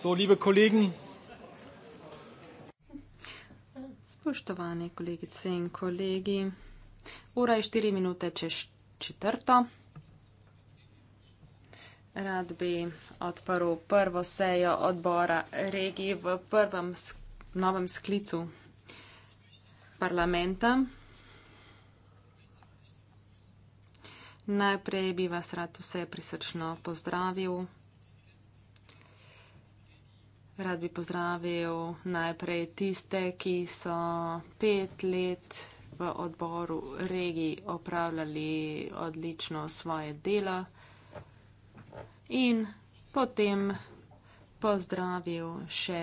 So, liebe Kollegen. Spoštovane kolegice in kolegi, ura je 4 minute čez četrto. Rad bi odprl prvo sejo odbora regiji v prvem sk novem sklicu parlamenta. Najprej bi vas rad vse prisrčno pozdravil. Rad bi pozdravil najprej tiste, ki so pet let v odboru regij opravljali odlično svoje delo in potem pozdravil še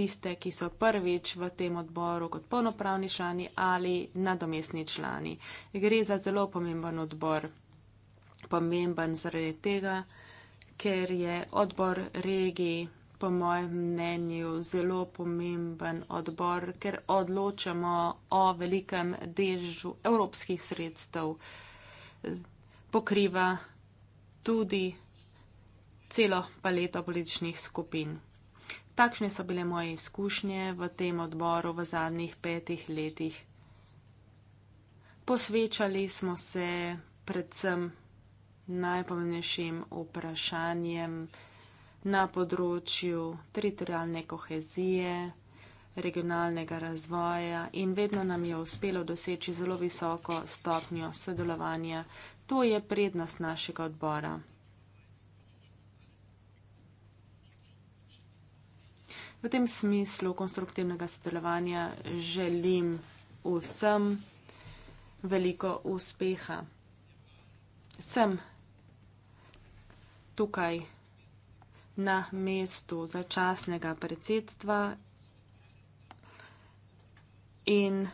tiste, ki so prvič v tem odboru kot polnopravni člani ali nadomestni člani. Gre za zelo pomemben odbor, pomemben zaradi tega, ker je odbor regij po mojem mnenju, zelo pomemben odbor, ker odločamo o velikem deležu evropskih sredstev. Pokriva tudi celo paleto političnih skupin. Takšne so bile moje izkušnje v tem odboru v zadnjih petih letih. Posvečali smo se predvsem najpomembnejšim vprašanjem, na področju teritorijalne kohezije, regionalnega razvoja in vedno nam je uspelo doseči zelo visoko stopnjo sodelovanja. To je prednost našega odbora. V tem smislu konstruktivnega sodelovanja želim vsem veliko uspeha. Sem tukaj na mestu začasnega predsedstva in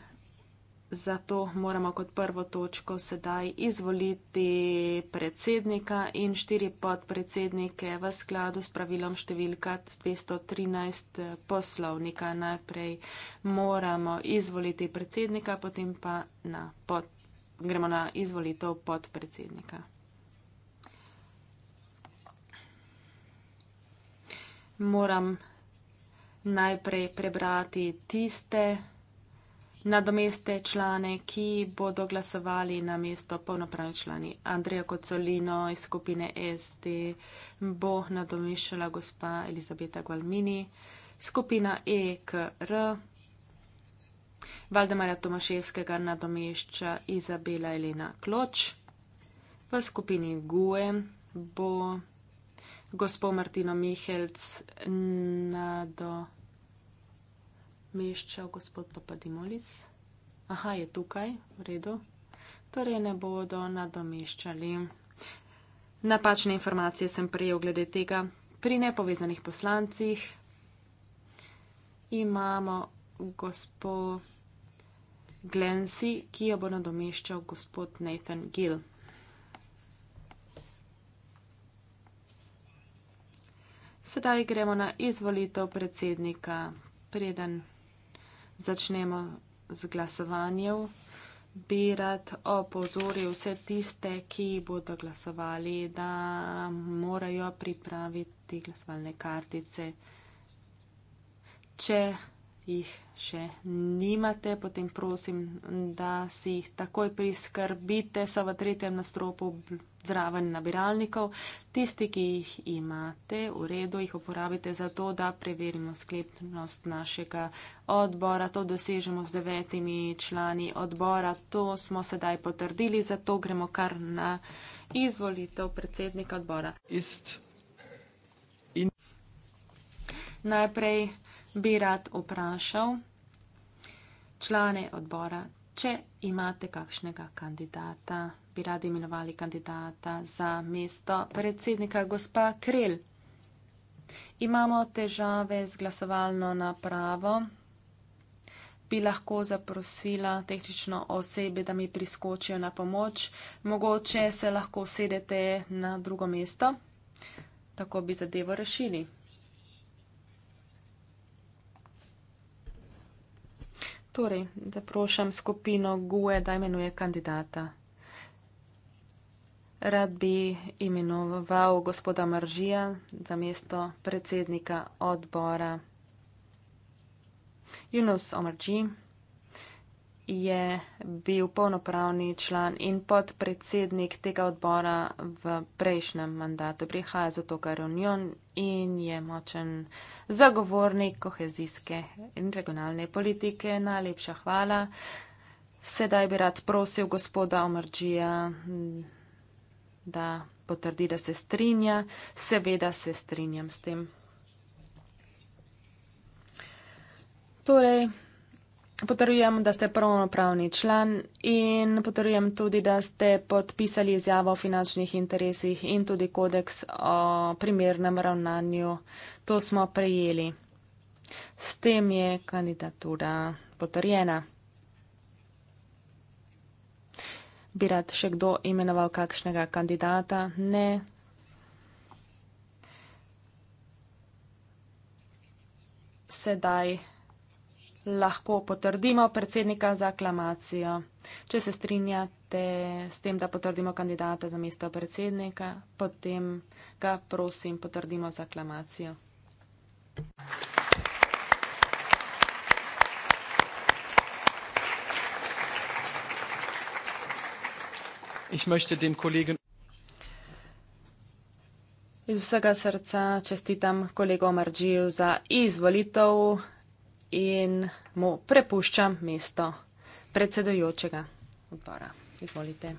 zato moramo kot prvo točko sedaj izvoliti predsednika in štiri podpredsednike v skladu s pravilom številka 213 poslovnika. Najprej moramo izvoliti predsednika, potem pa na pod, gremo na izvolitev podpredsednika. moram najprej prebrati tiste nadomeste člane, ki bodo glasovali na mesto polnopravni člani. Andreja Kocolino iz skupine SD bo nadomešala gospa Elizabeta Gualmini, skupina EKR. Valdemarja Tomaševskega nadomešča Izabela Elena Kloč, v skupini GUE bo gospo Martino Mihelc nadomeščal gospod Papadimolis. Aha, je tukaj, v redu. Torej ne bodo nadomeščali. Napačne informacije sem prejel glede tega. Pri nepovezanih poslancih imamo gospo Glensi, ki jo bo nadomeščal gospod Nathan Gill. Sedaj gremo na izvolitev predsednika. Preden začnemo z glasovanjem, bi rad opozoril vse tiste, ki bodo glasovali, da morajo pripraviti glasovalne kartice. Če jih še nimate, potem prosim, da si jih takoj priskrbite, so v tretjem nastropu zraven nabiralnikov. Tisti, ki jih imate v redu, jih uporabite za to, da preverimo sklepnost našega odbora. To dosežemo z devetimi člani odbora. To smo sedaj potrdili, zato gremo kar na izvolitev predsednika odbora. Ist in... Najprej bi rad vprašal člane odbora, če imate kakšnega kandidata, bi radi imenovali kandidata za mesto predsednika, gospa Krel. Imamo težave z glasovalno napravo. Bi lahko zaprosila tehnično osebe, da mi priskočijo na pomoč. Mogoče se lahko sedete na drugo mesto. Tako bi zadevo rešili. Torej, da prošam skupino GUE, da imenuje kandidata. Rad bi imenoval gospoda Maržija za mesto predsednika odbora. Junus Omarji je bil polnopravni član in podpredsednik tega odbora v prejšnjem mandatu. Prihaja zato kar Union in je močen zagovornik kohezijske in regionalne politike. Najlepša hvala. Sedaj bi rad prosil gospoda Omrđija, mm, da potrdi, da se strinja. Seveda se strinjam s tem. Torej, Potrjujem, da ste pravnopravni član in potrjujem tudi, da ste podpisali izjavo o finančnih interesih in tudi kodeks o primernem ravnanju. To smo prejeli. S tem je kandidatura potrjena. Bi rad še kdo imenoval kakšnega kandidata? Ne. Sedaj lahko potrdimo predsednika za aklamacijo. Če se strinjate s tem, da potrdimo kandidata za mesto predsednika, potem ga prosim potrdimo za aklamacijo. Iz vsega srca čestitam kolegu Omarđiju za izvolitev in mu prepuščam mesto predsedujočega odbora. Izvolite.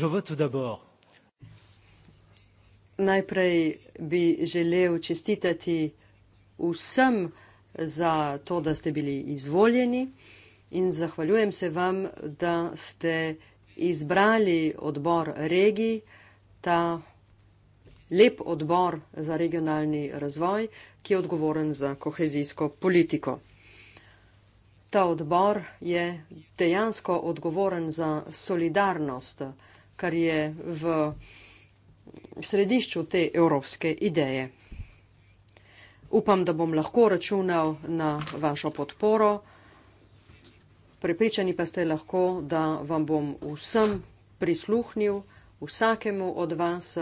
Je veux tout d'abord. Najprej bi želel čestitati vsem za to, da ste bili izvoljeni in zahvaljujem se vam, da ste izbrali odbor regij, ta lep odbor za regionalni razvoj, ki je odgovoren za kohezijsko politiko. Ta odbor je dejansko odgovoren za solidarnost, kar je v središču te evropske ideje. Upam, da bom lahko računal na vašo podporo. Prepričani pa ste lahko, da vam bom vsem prisluhnil, vsakemu od vas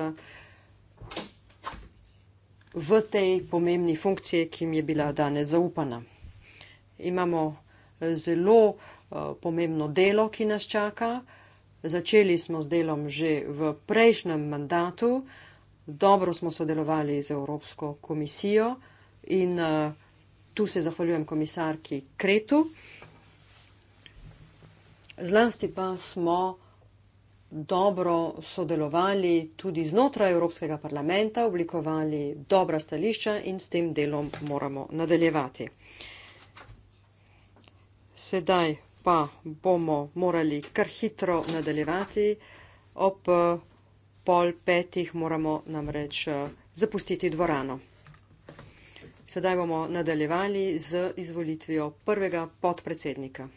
v tej pomembni funkciji, ki mi je bila danes zaupana. Imamo zelo eh, pomembno delo, ki nas čaka. Začeli smo z delom že v prejšnjem mandatu, dobro smo sodelovali z Evropsko komisijo in eh, tu se zahvaljujem komisarki Kretu. Zlasti pa smo dobro sodelovali tudi znotraj Evropskega parlamenta, oblikovali dobra stališča in s tem delom moramo nadaljevati. Sedaj pa bomo morali kar hitro nadaljevati. Ob eh, pol petih moramo namreč eh, zapustiti dvorano. Sedaj bomo nadaljevali z izvolitvijo prvega podpredsednika.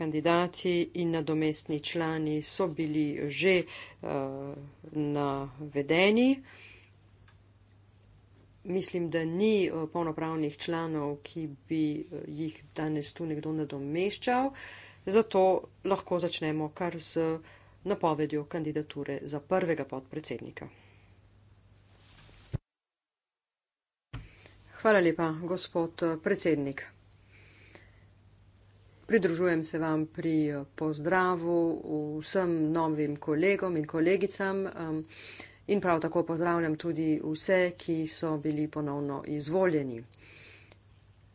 Kandidati in nadomestni člani so bili že uh, navedeni mislim, da ni eh, polnopravnih članov, ki bi eh, jih danes tu nekdo nadomeščal, zato lahko začnemo kar z napovedjo kandidature za prvega podpredsednika. Hvala lepa, gospod eh, predsednik. Pridružujem se vam pri pozdravu vsem novim kolegom in kolegicam. Um, in prav tako pozdravljam tudi vse, ki so bili ponovno izvoljeni.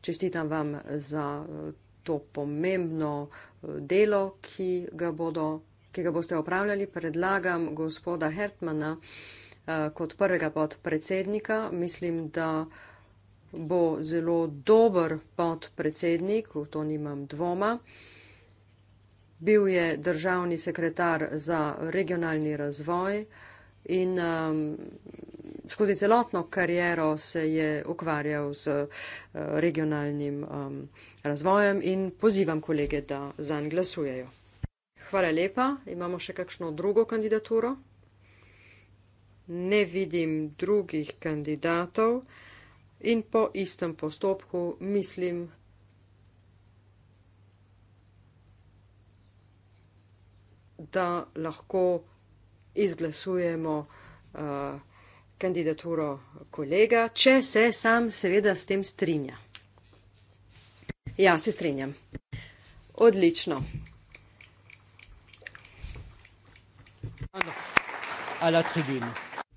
Čestitam vam za eh, to pomembno eh, delo, ki ga, bodo, ki ga boste opravljali. Predlagam gospoda Hertmana eh, kot prvega podpredsednika. Mislim, da bo zelo dober podpredsednik, v to nimam dvoma. Bil je državni sekretar za regionalni razvoj, uh, in um, skozi celotno kariero se je ukvarjal z uh, regionalnim um, razvojem in pozivam kolege, da zanj glasujejo. Hvala lepa. Imamo še kakšno drugo kandidaturo? Ne vidim drugih kandidatov in po istem postopku mislim. Da lahko izglasujemo uh, kandidaturo kolega, če se sam seveda s tem strinja. Ja, se strinjam. Odlično.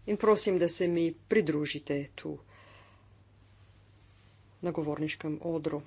In prosim, da se mi pridružite tu na govorniškem odru.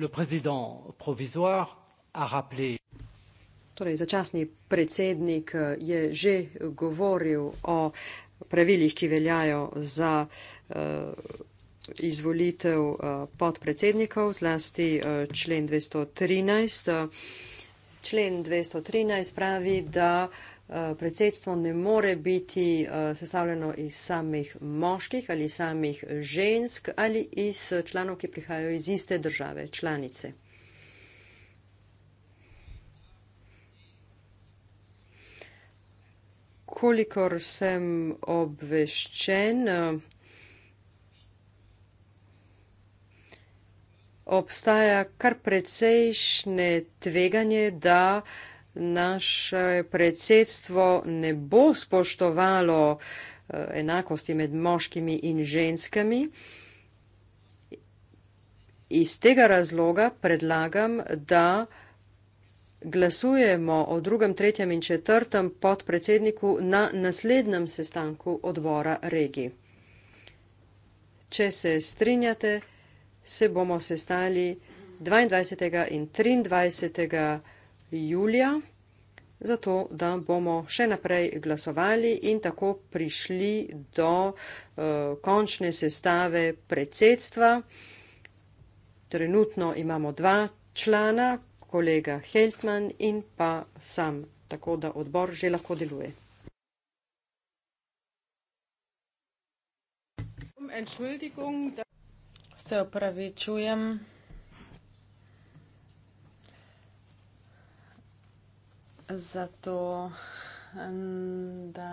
le président provisoire a rappelé. Torej, začasni predsednik eh, je že govoril o pravilih, ki veljajo za uh, izvolitev uh, podpredsednikov, zlasti uh, člen 213. Uh, člen 213 pravi, da eh, predsedstvo ne more biti eh, sestavljeno iz samih moških ali samih žensk ali iz članov, ki prihajajo iz iste države, članice. Kolikor sem obveščen, eh, obstaja kar precejšnje tveganje, da naše predsedstvo ne bo spoštovalo eh, enakosti med moškimi in ženskami. Iz tega razloga predlagam, da glasujemo o drugem, tretjem in četrtem podpredsedniku na naslednjem sestanku odbora regi. Če se strinjate, se bomo sestali 22. in 23. julija, zato da bomo še naprej glasovali in tako prišli do uh, končne sestave predsedstva. Trenutno imamo dva člana, kolega Heltman in pa sam, tako da odbor že lahko deluje. Entschuldigung se opravičujem. Zato, da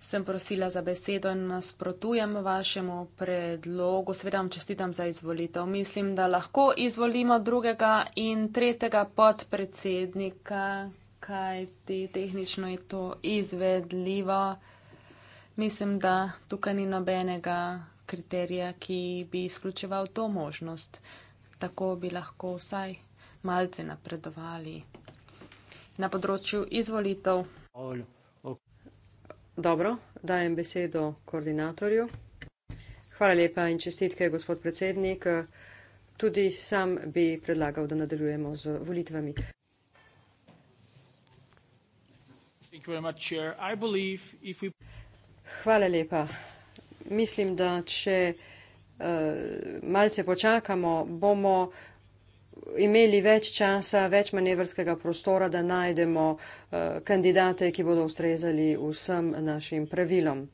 sem prosila za besedo in nasprotujem vašemu predlogu. Sveda vam čestitam za izvolitev. Mislim, da lahko izvolimo drugega in tretjega podpredsednika, kajti tehnično je to izvedljivo. Mislim, da tukaj ni nobenega kriterija, ki bi izključeval to možnost. Tako bi lahko vsaj malce napredovali. Na področju izvolitev. Dobro, dajem besedo koordinatorju. Hvala lepa in čestitke, gospod predsednik. Tudi sam bi predlagal, da nadaljujemo z volitvami. Hvala lepa mislim, da če uh, malce počakamo, bomo imeli več časa, več manevrskega prostora, da najdemo uh, kandidate, ki bodo ustrezali vsem našim pravilom.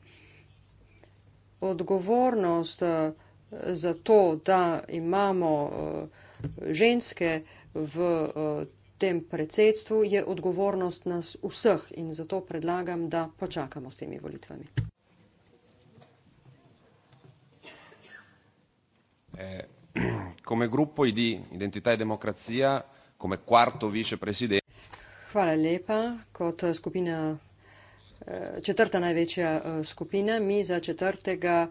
Odgovornost uh, za to, da imamo uh, ženske v. Uh, V tem predsedstvu je odgovornost nas vseh in zato predlagam, da počakamo s temi volitvami. Eh, come gruppo ID Identità e Democrazia, come quarto vicepresidente. Hvala lepa. Kot eh, skupina, eh, četrta največja skupina, mi za četrtega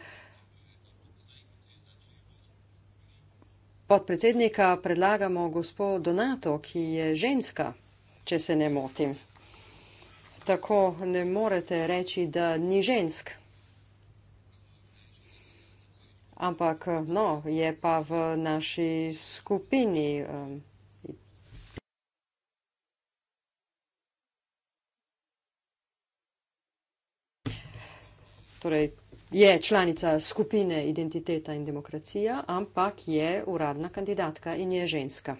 podpredsednika predlagamo gospod Donato, ki je ženska, če se ne motim. Tako ne morete reči, da ni ženska ampak eh, no, je pa v naši skupini. Um, torej, je članica skupine Identiteta in demokracija, ampak je uradna kandidatka in je ženska.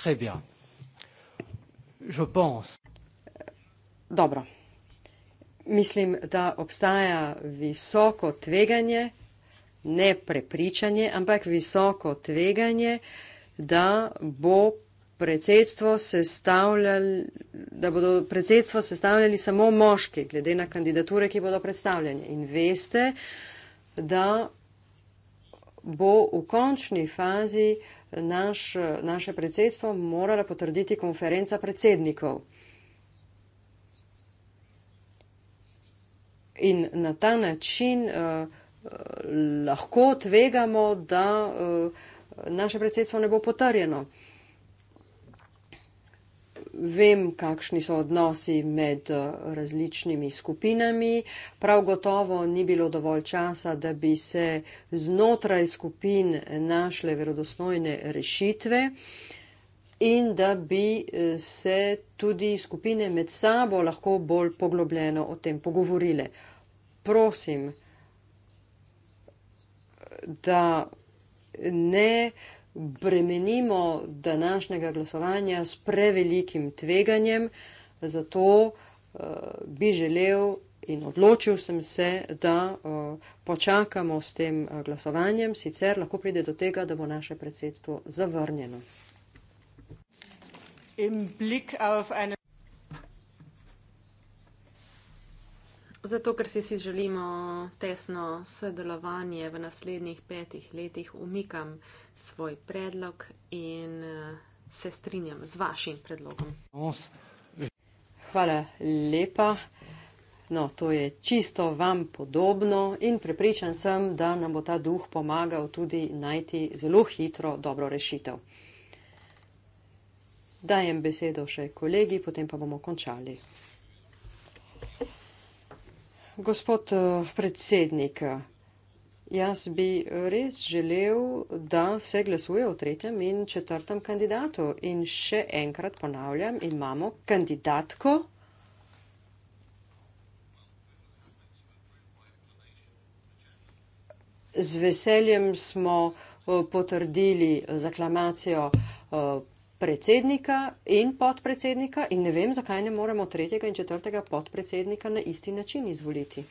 Très bien. Je pense. Dobro mislim, da obstaja visoko tveganje, ne prepričanje, ampak visoko tveganje, da bo predsedstvo sestavljali, da bodo predsedstvo sestavljali samo moški, glede na kandidature, ki bodo predstavljene. In veste, da bo v končni fazi naš, naše predsedstvo morala potrditi konferenca predsednikov. in na ta način uh, lahko tvegamo, da uh, naše predsedstvo ne bo potrjeno. Vem, kakšni so odnosi med različnimi skupinami. Prav gotovo ni bilo dovolj časa, da bi se znotraj skupin našle verodostojne rešitve in da bi se tudi skupine med sabo lahko bolj poglobljeno o tem pogovorile. Uh, prosim, da ne bremenimo današnjega glasovanja s prevelikim tveganjem, zato uh, bi želel in odločil sem se, da uh, počakamo s tem eh, glasovanjem, sicer lahko pride do tega, da bo naše predsedstvo zavrnjeno. Zato, ker si, si želimo tesno sodelovanje v naslednjih petih letih, umikam svoj predlog in eh, se strinjam z vašim predlogom. Hvala lepa. No, to je čisto vam podobno in prepričan sem, da nam bo ta duh pomagal tudi najti zelo hitro dobro rešitev. Dajem besedo še kolegi, potem pa bomo končali. Gospod eh, predsednik, jaz bi res želel, da se glasuje o tretjem in četrtem kandidatu. In še enkrat ponavljam, imamo kandidatko. Z veseljem smo eh, potrdili eh, zaklamacijo predsednika in podpredsednika in ne vem, zakaj ne moremo tretjega in četrtega podpredsednika na isti način izvoliti.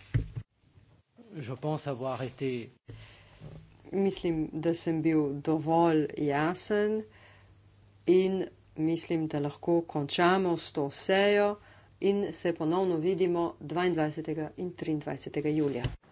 Mislim, da sem bil dovolj jasen in mislim, da lahko končamo s to sejo in se ponovno vidimo 22. in 23. julija.